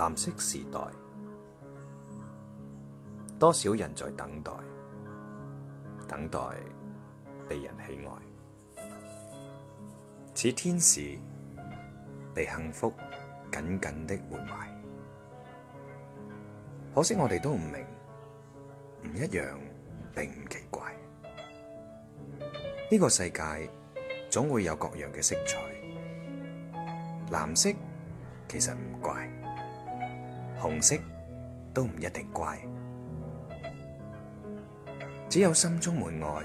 藍色時代，多少人在等待，等待被人喜愛，似天使被幸福緊緊的活埋。可惜我哋都唔明，唔一樣並唔奇怪。呢個世界總會有各樣嘅色彩，藍色其實唔怪。紅色都唔一定乖，只有心中門外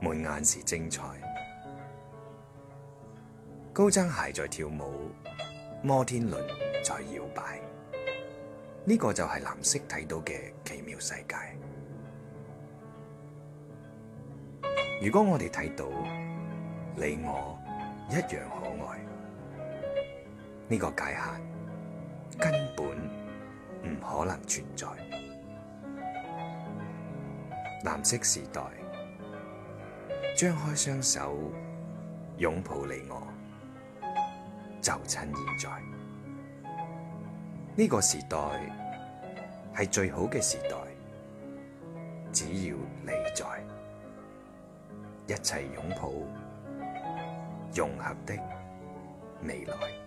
滿眼是精彩。高踭鞋在跳舞，摩天輪在搖擺，呢、這個就係藍色睇到嘅奇妙世界。如果我哋睇到你我一樣可愛，呢、這個界限，根本唔可能存在藍色時代，張開雙手擁抱你我，就趁現在。呢、這個時代係最好嘅時代，只要你在，一齊擁抱融合的未來。